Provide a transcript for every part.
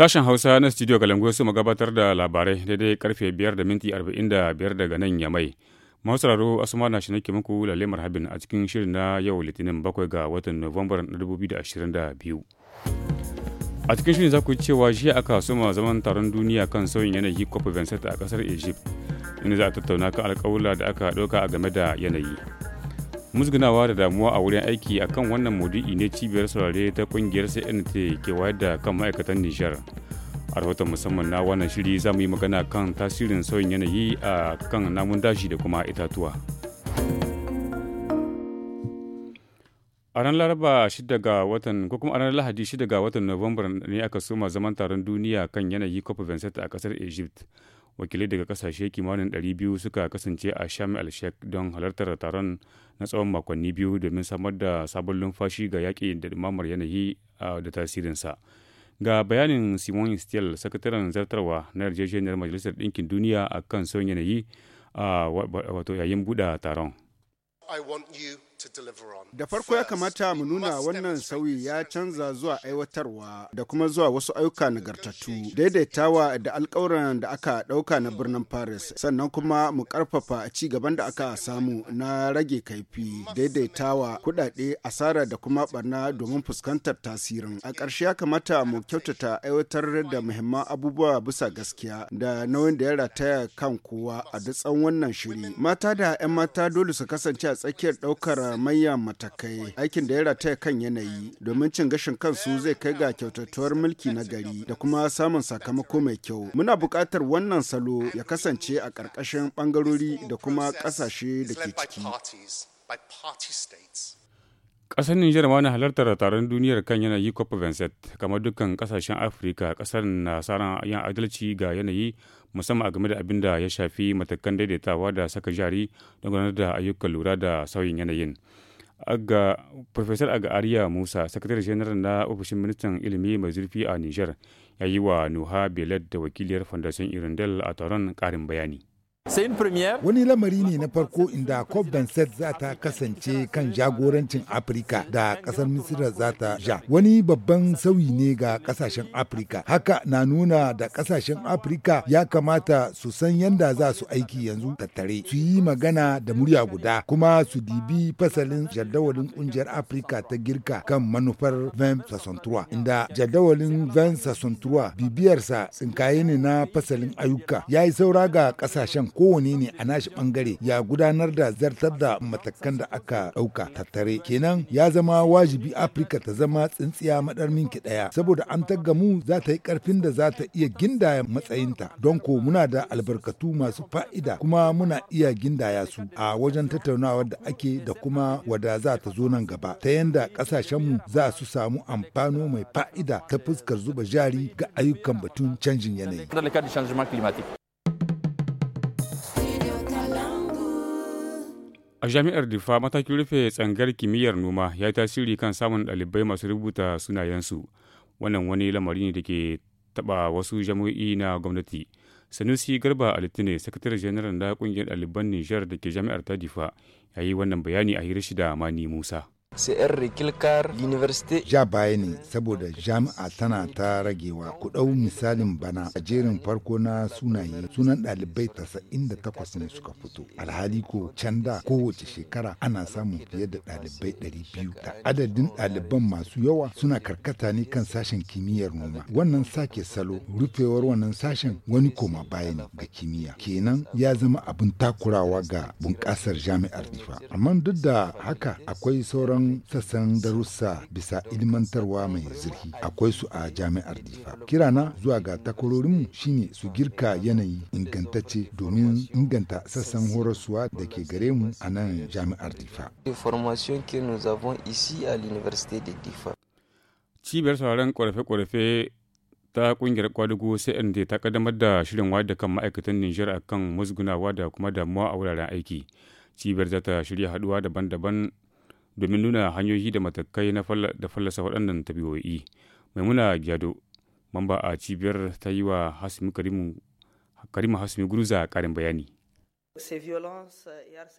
Sashen Hausa na Studio Kalangoyo su gabatar da labarai daidai karfe 5 da minti 45 daga nan ya mai Masararo Asuma na shi nake muku lalemar habin a cikin shirin na yau Litinin bakwai ga watan Nuwambar 2022. A cikin shirin za ku cewa jiya aka suma zaman taron duniya kan sauyin yanayi COP27 a kasar Egypt, inda za a tattauna kan alƙawula da aka ɗauka a game da yanayi. musgunawa da damuwa a wurin aiki akan wannan maudu'i ne cibiyar saurare ta kungiyar cnt ke wayar da kan ma'aikatan nishar a rahoton musamman na wannan shiri za mu yi magana kan tasirin sauyin yanayi a kan namun daji da kuma itatuwa a laraba 6 ga watan ko kuma lahadi 6 ga watan nuwambar ne aka soma zaman taron duniya kan yanayi cop a kasar egypt wakilai daga kasashe kimanin 200 suka kasance a sham al sheikh don halartar taron na tsawon makonni biyu domin samar da sabon lumfashi ga yaƙi da ɗumamar yanayi da tasirinsa ga bayanin simon steel sakataren zartarwa na yarjejeniyar majalisar ɗinkin duniya a kan sauyin yanayi a wato yayin buɗe taron Da farko ya kamata mu nuna wannan sauyi ya canza zuwa aiwatarwa da kuma zuwa wasu ayyuka nagartattu, daidaitawa da alkawuran da aka ɗauka na birnin Paris, sannan kuma mu ƙarfafa ci gaban da aka samu na rage kaifi, daidaitawa kuɗaɗe asara da kuma ɓarna domin fuskantar tasirin. A ƙarshe ya kamata mu kyautata aiwatar da muhimman abubuwa bisa gaskiya da nauyin da ya rataya kan kowa a duk tsawon wannan shiri. Mata da 'yan mata dole su kasance a tsakiyar ɗaukar manyan matakai aikin da ya rataya kan yanayi domin cin gashin kansu zai kai ga kyautatuwar mulki na gari da kuma samun sakamako mai kyau. Muna buƙatar wannan salo ya kasance a ƙarƙashin ɓangarori da kuma ƙasashe da ke ciki. Ƙasar niger ma na halartar taron duniyar kan yanayi cop vincent kamar dukkan kasashen Afirka ƙasar na saran yan adalci ga yanayi musamman a game da abin da ya shafi matakan daidaitawa da saka jari don gudanar da ayyukan lura da sauyin yanayin. Aga professor Aga Ariya Musa, sakatare general na ofishin ministan ilimi mai zurfi a Niger ya yi wa Nuha Belad da wakiliyar Fondation Irindel a taron ƙarin bayani. Wani lamari ne na farko inda COP Danset za ta kasance kan jagorancin Afirka da ƙasar Misira za ta ja. Wani babban sauyi ne ga ƙasashen Afirka. Haka na nuna da ƙasashen Afirka ya kamata su san yadda za su aiki yanzu tattare. Su yi magana da murya guda kuma su dibi fasalin jadawalin ƙungiyar Afirka ta girka kan manufar Ven Inda jadawalin Ven Sasantuwa bibiyarsa tsinkaye ne na fasalin ayyuka. Ya yi saura ga ƙasashen kowane ne a nashi bangare ya gudanar da zartar da matakan da aka ɗauka tattare kenan ya zama wajibi afirka ta zama tsintsiya madarmin ki daya saboda an mu za ta yi karfin da za ta iya gindaya matsayinta don ko muna da albarkatu masu fa'ida kuma muna iya gindaya su a wajen tattaunawar da ake da kuma wada za ta zo nan gaba ta yanda ƙasashenmu za su samu amfano mai fa'ida ta fuskar zuba jari ga ayyukan batun canjin yanayi. A jami'ar Difa matakin rufe tsangar kimiyyar noma ya yi tasiri kan samun ɗalibai masu rubuta sunayensu. Wannan wani lamari ne da ke taɓa wasu jami'o'i na gwamnati. Sanusi Garba Alitine, sakatare janar na ƙungiyar ɗaliban Nijar da ke jami'ar ta Difa, ya yi wannan bayani a hirar shida Mani Musa. sayar rikilkar university ja baya ne saboda jami'a tana ta ragewa ku misalin bana a jerin farko na sunaye sunan ɗalibai tasa'in da takwas ne suka fito alhali ko can da kowace shekara ana samun fiye da ɗalibai ɗari biyu da adadin ɗaliban masu yawa suna karkata ne kan sashen kimiyyar noma wannan sake salo rufewar wannan sashen wani koma baya ne ga kimiyya kenan ya zama abin takurawa ga bunƙasar jami'ar difa amma duk da haka akwai sauran sauran sassan darussa bisa ilmantarwa mai zurfi akwai su a jami'ar difa kirana zuwa ga takwarorinmu shine su girka yanayi ingantacce domin inganta sassan horaswa da ke gare mu a nan jami'ar difa cibiyar sauraron kwarfe kwarafe ta kungiyar kwadugo cnd ta kaddamar da shirin wada kan ma'aikatan nijar akan musgunawa da kuma damuwa a wuraren aiki cibiyar za ta shirya haduwa daban-daban domin nuna hanyoyi da matakai da fallasa waɗannan tabi'o'i maimuna gyado mamba a cibiyar ta yi wa hasimi karimu hasimi guruza ƙarin bayani Eh,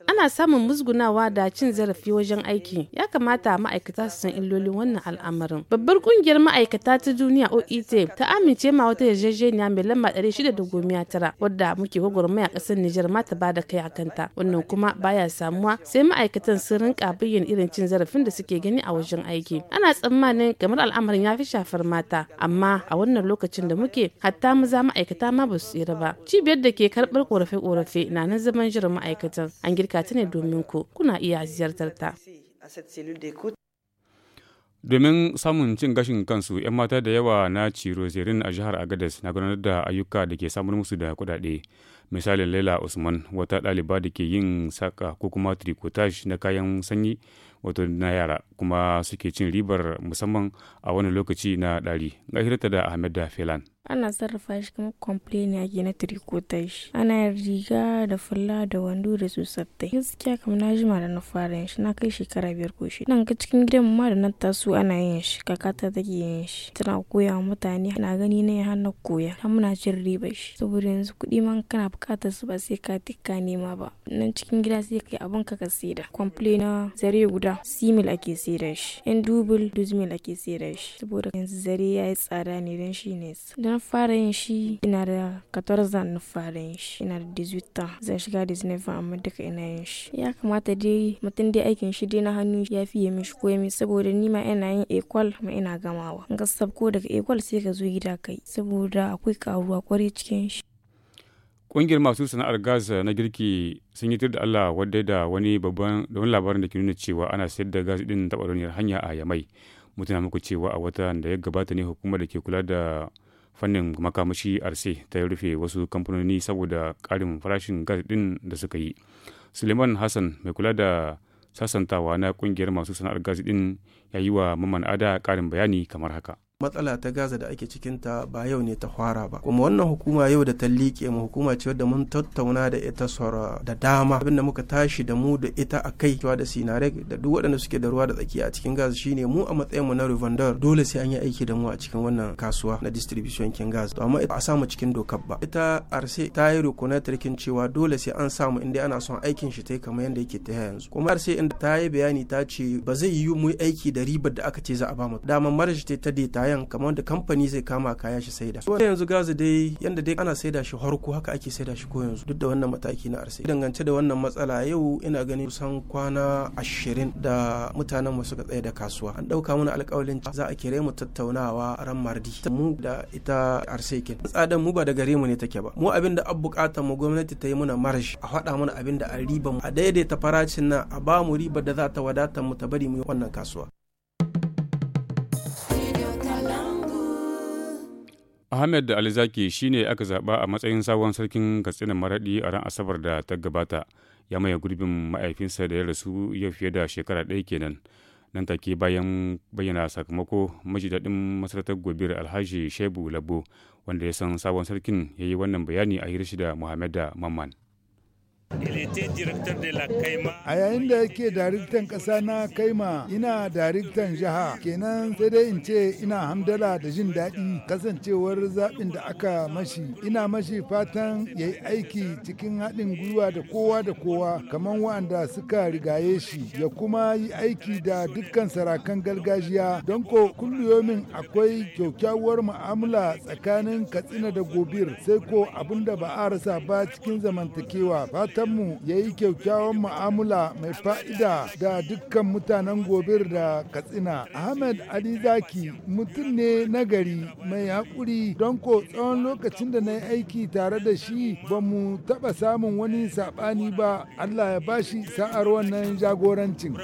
Ana samun musgunawa da cin zarafi wajen aiki. Ya kamata ma'aikata su san illolin wannan al'amarin. Babbar kungiyar ma'aikata ta duniya OIT e ta amince ma wata yarjejeniya mai lamba 619 wadda muke a ƙasar Nijar ma ta da kai akanta. Wannan kuma baya samuwa sai ma'aikatan sun rinka bayyana irin cin zarafin da suke gani a wajen aiki. Ana tsammanin kamar al'amarin ya fi shafar mata, amma a wannan lokacin da muke hatta maza ma'aikata ma ba su tsira ba. Cibiyar da ke karɓar ƙorafe-ƙorafe na nan zaman jiran ma'aikatan an girka ta ne domin ku kuna iya ziyartar ta. Domin samun cin gashin kansu, 'yan mata da yawa na ciro zerin a jihar Agadez na gudanar da ayyuka da ke samun musu da kudade Misalin Laila Usman, wata ɗaliba da ke yin saka ko kuma tricotage na kayan sanyi wato na yara kuma suke cin ribar musamman a wani lokaci na ɗari. Gahirta da Ahmed da Felan. ana sarrafa shi kamar complain ake na tirikotashi shi ana yin riga da fulla da wando da su sattai gaskiya kamar na jima da na fara yin shi na kai shekara biyar ko shi nan ga cikin gidan ma da na taso ana yin shi kakata take yin shi tana koya wa mutane na gani na yi hannu koya har muna cin riba shi saboda yanzu kuɗi man kana buƙatar su ba sai ka tikka nema ba nan cikin gida sai kai abin ka ka saida complain na zare guda simil ake saida shi yan dubul a ake saida shi saboda yanzu zare ya yi tsada ne don shi ne na fara yin shi ina da 14 na fara yin shi ina da 18 zan shiga 19 amma duka ina yin shi ya kamata dai mutum dai aikin shi dai na hannu ya fiye shi koyami saboda ni ma ina yin equal ma ina gamawa in ka sabko daga equal sai ka zo gida kai saboda akwai karuwa kwarai cikin shi Ƙungiyar masu sana'ar gas na girki sun yi da Allah wadda da wani babban da wani labarin da ke nuna cewa ana sayar da gas din taɓa hanya a Yamai. mutuna muku cewa a watan da ya gabata ne hukumar da ke kula da fannin makamashi arse ta rufe wasu kamfanoni saboda ƙarin farashin gas ɗin da suka yi suleiman hassan mai kula da sasantawa na kungiyar masu sana'ar gas ɗin ya yi wa mamman ada ƙarin bayani kamar haka matsala ta gaza da ake cikinta ba yau ne ta fara ba kuma wannan hukuma yau da ta liƙe mu hukuma ce wadda mun tattauna da ita sora da dama abin da muka tashi da mu da ita a kai cewa da sinarek da duk waɗanda suke da ruwa da tsaki a cikin gaz. shine mu a matsayin mu na revendor dole sai an yi aiki da mu a cikin wannan kasuwa na distribution kin gas to amma a samu cikin dokar ba ita arse ta yi rukunatar cewa dole sai an samu inda ana son aikin shi ta kamar yadda yake ta yanzu kuma arse inda ta yi bayani ta ce ba zai yiwu mu aiki da ribar da aka ce za a ba mu dama marashi ta ta kayan kamar da kamfani zai kama kaya shi da wanda yanzu gazi dai yanda dai ana saida shi harko haka ake saida shi ko yanzu duk da wannan mataki na arsai dangance da wannan matsala yau ina ganin kusan kwana ashirin da mutanen mu suka tsaye da kasuwa an dauka mana alƙawalin za a kire mu tattaunawa ran mardi mu da ita arsekin tsadan mu ba da gare mu ne take ba mu abin da an bukatar mu gwamnati ta yi muna marsh a faɗa mana abin da an riba mu a daidaita farashin nan a ba mu ribar da za ta wadatar mu ta bari mu yi wannan kasuwa Ahmed da Alizaki shi ne aka zaɓa a matsayin sabon sarkin Katsina Maraɗi a ran Asabar da ta gabata. Ya maye gurbin ma'aifinsa da ya rasu ya fiye da shekara ɗaya kenan. Nan take bayan bayyana sakamako daɗin masarautar gobir Alhaji Shebu Labo wanda ya san sabon sarkin ya yi wannan bayani a hirshi da Muhammad da Mamman. A yayin da yake daraktan ƙasa na Kaima ina daraktan jiha kenan sai dai in ce ina hamdala da jin daɗi kasancewar zaɓin da aka mashi. Ina mashi fatan ya yi aiki cikin haɗin gwiwa da kowa da kowa kamar waɗanda suka rigaye shi ya kuma yi aiki da dukkan sarakan gargajiya don ko kulliyomin akwai kyaukyawar mu'amala tsakanin Katsina da Gobir sai ko abin da ba a rasa ba cikin zamantakewa fatan mu ya yi kyakkyawan mu'amala mai fa'ida da dukkan mutanen gobir da katsina ahmed ali zaki mutum ne nagari mai haƙuri don ko tsawon lokacin da na yi aiki tare da shi ba mu taɓa samun wani saɓani ba allah ya bashi sa'ar wannan jagorancin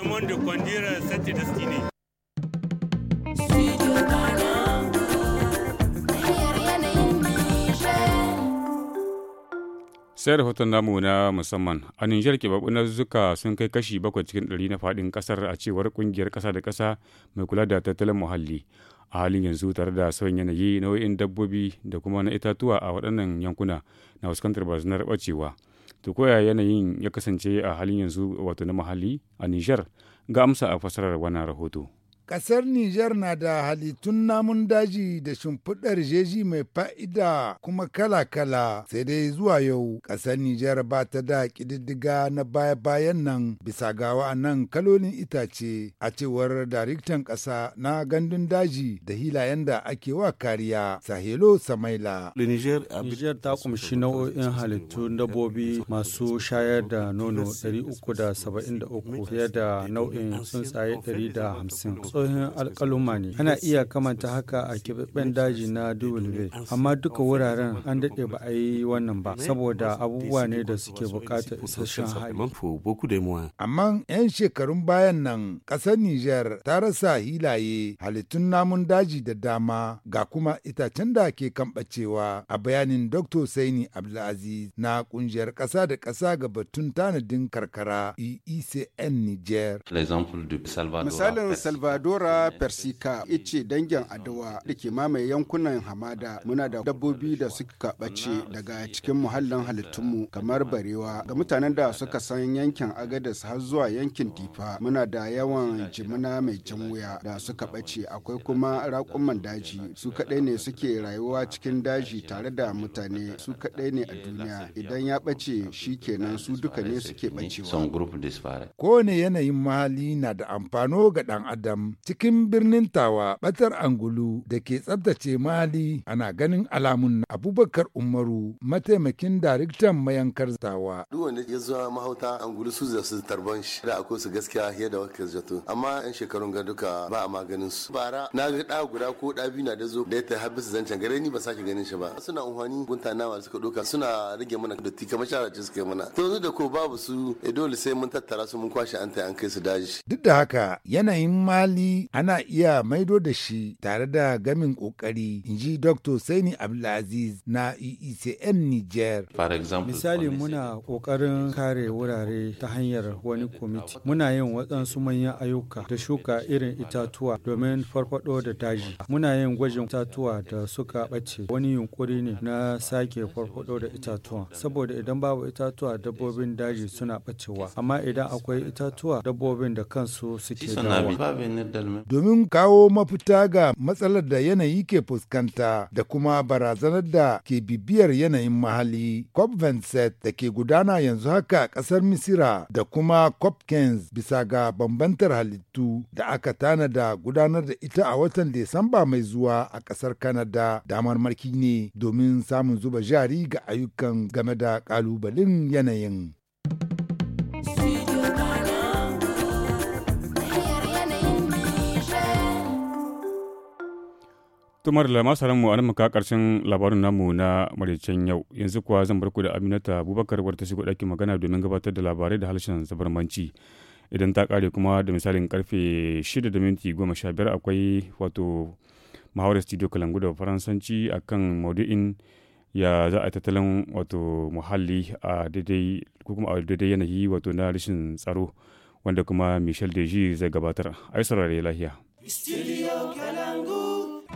sai rahoton namu na musamman a nijar na zuka sun kai kashi bakwai cikin ɗari na faɗin ƙasar a cewar ƙungiyar ƙasa da ƙasa mai kula da tattalin muhalli a halin yanzu tare da sauyin yanayi nau'in dabbobi da kuma na itatuwa a waɗannan yankuna na fuskantar barazanar ɓacewa to koya yanayin ya kasance a halin yanzu wato na muhalli a nijar ga amsa a fasarar wannan rahoto Ƙasar Nijar na da halittun namun daji da shimfiɗar jeji mai fa'ida kuma kala-kala sai dai zuwa yau ƙasar Nijar ba ta da ƙididdiga na baya-bayan nan bisa ga wa'annan kalolin itace a cewar daraktan ƙasa na gandun daji da hilayen da ake wa kariya Sahelo Samaila. Nijar ta kumshi nau'o'in halittun dabbobi masu shayar da nono 373 fiye da nau'in tsuntsaye 150. tsohon alkaluma ne ana iya kamanta haka a keɓaɓɓen daji na duwulbe amma duka wuraren an daɗe ba a yi wannan ba saboda abubuwa ne da suke buƙatar isasshen hali amma 'yan shekarun bayan nan ƙasar niger ta rasa hilaye halittun namun daji da dama ga kuma itacen da ke kamɓacewa a bayanin dr saini abdulaziz na ƙungiyar ƙasa da ƙasa ga batun tanadin karkara eecn niger misalin salvador Dora Persica ice dangin adawa da ke mamaye yankunan hamada muna da dabbobi da suka bace. daga cikin muhallin halittunmu kamar barewa ga mutanen da suka san yankin agadas har zuwa yankin difa muna da yawan jimina mai jan wuya da suka ɓace akwai kuma raƙuman daji su kaɗai ne suke rayuwa cikin daji tare da mutane su kaɗai ne a duniya idan ya ɓace shi kenan su duka ne suke ɓacewa. Kowane yanayin mahalli na da amfano ga ɗan adam cikin birnin tawa batar angulu da ke tsabtace mali ana ganin alamun abubakar umaru mataimakin daraktan mayankar tawa duk wanda ya zuwa mahauta angulu su zai su tarban shi da akwai su gaskiya yadda wakil zato amma yan shekarun ga ka ba a maganin su bara na ga da guda ko da biyu na da zo da ya ta su zancen gare ni ba sake ganin shi ba suna unhwani gunta nawa suka doka suna rage mana dotti kamar sharace suka yi mana to yanzu da ko babu su eh, dole sai mun tattara su mun kwashe an ta an kai su daji duk da haka yanayin mali ana iya maido da shi tare da gamin kokari in ji dr saini abdulaziz na eecn niger misali muna kokarin kare wurare ta hanyar wani kwamiti muna yin waɗansu manyan ayyuka da shuka irin itatuwa domin farfado da daji muna yin gwajin itatuwa da suka ɓace wani yunkuri ne na sake farfado da itatuwa saboda idan babu itatuwa dabbobin daji suna ɓacewa amma idan akwai itatuwa dabbobin da kansu suke dawa domin kawo mafita ga matsalar da yanayi ke fuskanta da kuma barazanar da ke bibiyar yanayin mahalli cop da ke gudana yanzu haka a ƙasar misira da kuma copkins bisa ga bambantar halittu da aka tanada gudanar da ita a watan Desamba mai zuwa a ƙasar Kanada damar marki ne domin samun zuba jari ga ayyukan game da ƙalubalen yanayin. tumar da masu mu nan muka karshen labarin namu na maraicen yau yanzu kuwa zan barku da aminata abubakar wadda ta shigo ɗakin magana domin gabatar da labarai da harshen zabarmanci idan ta kare kuma da misalin karfe shida da minti akwai wato mahawar studio kalangu da faransanci akan maudu'in ya za a tattalin wato muhalli a daidai ko kuma a daidai yanayi wato na rashin tsaro wanda kuma michel deji zai gabatar ai ya lahiya